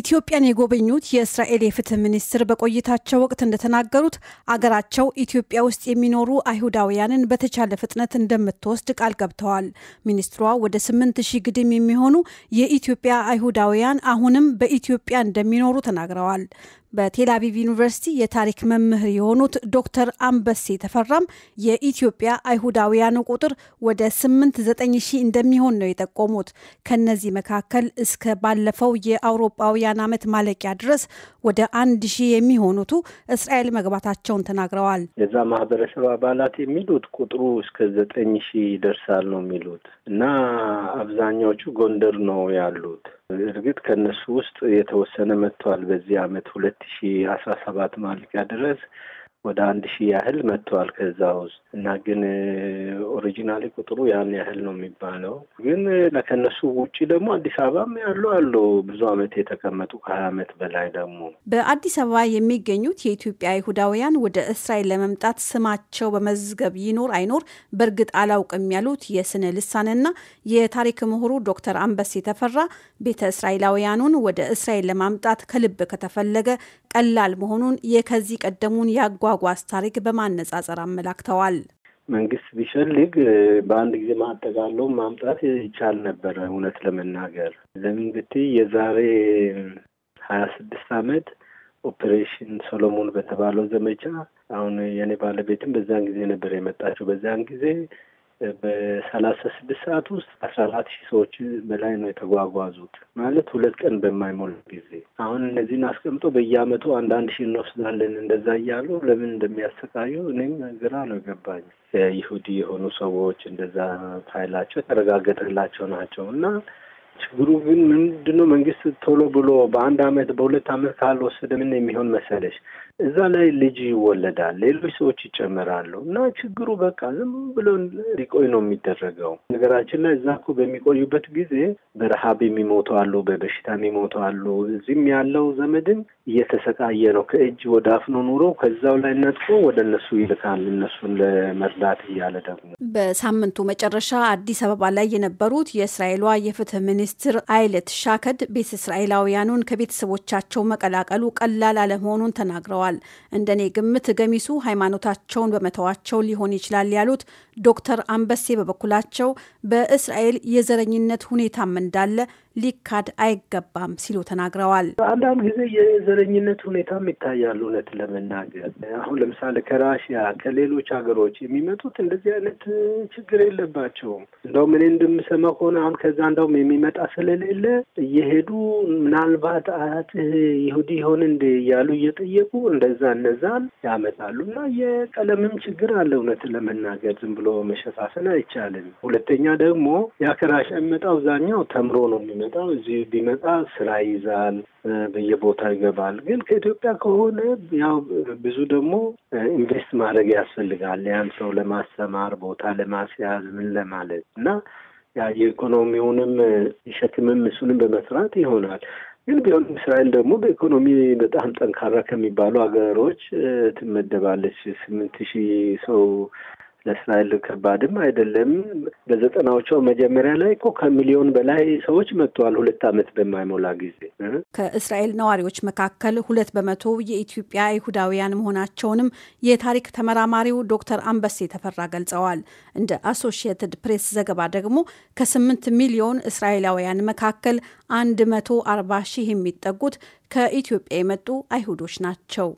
ኢትዮጵያን የጎበኙት የእስራኤል የፍትህ ሚኒስትር በቆይታቸው ወቅት እንደተናገሩት አገራቸው ኢትዮጵያ ውስጥ የሚኖሩ አይሁዳውያንን በተቻለ ፍጥነት እንደምትወስድ ቃል ገብተዋል። ሚኒስትሯ ወደ ስምንት ሺህ ግድም የሚሆኑ የኢትዮጵያ አይሁዳውያን አሁንም በኢትዮጵያ እንደሚኖሩ ተናግረዋል። በቴላቪቭ ዩኒቨርሲቲ የታሪክ መምህር የሆኑት ዶክተር አንበሴ ተፈራም የኢትዮጵያ አይሁዳውያን ቁጥር ወደ 8-9 ሺህ እንደሚሆን ነው የጠቆሙት። ከነዚህ መካከል እስከ ባለፈው የአውሮፓውያን ዓመት ማለቂያ ድረስ ወደ አንድ ሺህ የሚሆኑቱ እስራኤል መግባታቸውን ተናግረዋል። የዛ ማህበረሰብ አባላት የሚሉት ቁጥሩ እስከ ዘጠኝ ሺህ ይደርሳል ነው የሚሉት እና አብዛኛዎቹ ጎንደር ነው ያሉት እርግጥ ከእነሱ ውስጥ የተወሰነ መጥተዋል። በዚህ አመት ሁለት ሺ አስራ ሰባት ማለቂያ ድረስ ወደ አንድ ሺህ ያህል መጥተዋል ከዛ ውስጥ እና ግን ኦሪጂናሊ ቁጥሩ ያን ያህል ነው የሚባለው። ግን ከነሱ ውጭ ደግሞ አዲስ አበባም ያሉ አሉ ብዙ አመት የተቀመጡ ከሀያ ዓመት በላይ ደግሞ በአዲስ አበባ የሚገኙት የኢትዮጵያ አይሁዳውያን ወደ እስራኤል ለመምጣት ስማቸው በመዝገብ ይኖር አይኖር በእርግጥ አላውቅም ያሉት የስነ ልሳንና የታሪክ ምሁሩ ዶክተር አንበስ የተፈራ ቤተ እስራኤላውያኑን ወደ እስራኤል ለማምጣት ከልብ ከተፈለገ ቀላል መሆኑን የከዚህ ቀደሙን የአጓጓዝ ታሪክ በማነጻጸር አመላክተዋል። መንግስት ቢፈልግ በአንድ ጊዜ ማጠቃለው ማምጣት ይቻል ነበረ። እውነት ለመናገር ለምን ብትይ የዛሬ ሀያ ስድስት አመት ኦፕሬሽን ሶሎሞን በተባለው ዘመቻ አሁን የኔ ባለቤትም በዛን ጊዜ ነበር የመጣቸው በዛን ጊዜ በሰላሳ ስድስት ሰዓት ውስጥ አስራ አራት ሺህ ሰዎች በላይ ነው የተጓጓዙት ማለት ሁለት ቀን በማይሞል ጊዜ። አሁን እነዚህን አስቀምጦ በየአመቱ አንዳንድ ሺህ እንወስዳለን እንደዛ እያሉ ለምን እንደሚያሰቃዩ እኔም ግራ ነው ገባኝ። ይሁዲ የሆኑ ሰዎች እንደዛ ፋይላቸው የተረጋገጠላቸው ናቸው እና ችግሩ ግን ምንድነው? መንግስት ቶሎ ብሎ በአንድ አመት በሁለት አመት ካልወሰደ ምን የሚሆን መሰለሽ እዛ ላይ ልጅ ይወለዳል፣ ሌሎች ሰዎች ይጨመራሉ እና ችግሩ በቃ ዝም ብሎ ሊቆይ ነው የሚደረገው። ነገራችን ላይ እዛ እኮ በሚቆዩበት ጊዜ በረሃብ የሚሞቱ አሉ፣ በበሽታ የሚሞቱ አሉ። እዚህም ያለው ዘመድን እየተሰቃየ ነው። ከእጅ ወደ አፍ ነው ኑሮ። ከዛው ላይ ነጥፎ ወደ እነሱ ይልካል፣ እነሱን ለመርዳት እያለ ደግሞ። በሳምንቱ መጨረሻ አዲስ አበባ ላይ የነበሩት የእስራኤሏ የፍትህ ሚኒስትር አይለት ሻከድ ቤተ እስራኤላውያኑን ከቤተሰቦቻቸው መቀላቀሉ ቀላል አለመሆኑን ተናግረዋል። ብለዋል። እንደኔ ግምት ገሚሱ ሃይማኖታቸውን በመተዋቸው ሊሆን ይችላል ያሉት ዶክተር አንበሴ በበኩላቸው በእስራኤል የዘረኝነት ሁኔታም እንዳለ ሊካድ አይገባም ሲሉ ተናግረዋል። አንዳንድ ጊዜ የዘረኝነት ሁኔታም ይታያል። እውነት ለመናገር አሁን ለምሳሌ ከራሽያ ከሌሎች ሀገሮች የሚመጡት እንደዚህ አይነት ችግር የለባቸውም። እንደውም እኔ እንደምሰማ ከሆነ አሁን ከዛ እንደውም የሚመጣ ስለሌለ እየሄዱ ምናልባት አያትህ ይሁዲ ይሆን እንዴ እያሉ እየጠየቁ እንደዛ እነዛን ያመጣሉ እና የቀለምም ችግር አለ። እውነትን ለመናገር ዝም ብሎ መሸፋፈን አይቻልም። ሁለተኛ ደግሞ የአከራሽ የሚመጣ አብዛኛው ተምሮ ነው የሚመጣው። እዚህ ቢመጣ ስራ ይይዛል፣ በየቦታው ይገባል። ግን ከኢትዮጵያ ከሆነ ያው ብዙ ደግሞ ኢንቨስት ማድረግ ያስፈልጋል። ያን ሰው ለማስተማር ቦታ ለማስያዝ ምን ለማለት እና የኢኮኖሚውንም ሸክምም እሱንም በመስራት ይሆናል። ግን ቢሆን እስራኤል ደግሞ በኢኮኖሚ በጣም ጠንካራ ከሚባሉ ሀገሮች ትመደባለች። ስምንት ሺህ ሰው ለእስራኤል ከባድም አይደለም። በዘጠናዎቹ መጀመሪያ ላይ እኮ ከሚሊዮን በላይ ሰዎች መጥተዋል፣ ሁለት ዓመት በማይሞላ ጊዜ። ከእስራኤል ነዋሪዎች መካከል ሁለት በመቶ የኢትዮጵያ አይሁዳውያን መሆናቸውንም የታሪክ ተመራማሪው ዶክተር አንበሴ ተፈራ ገልጸዋል። እንደ አሶሺየትድ ፕሬስ ዘገባ ደግሞ ከስምንት ሚሊዮን እስራኤላውያን መካከል አንድ መቶ አርባ ሺህ የሚጠጉት ከኢትዮጵያ የመጡ አይሁዶች ናቸው።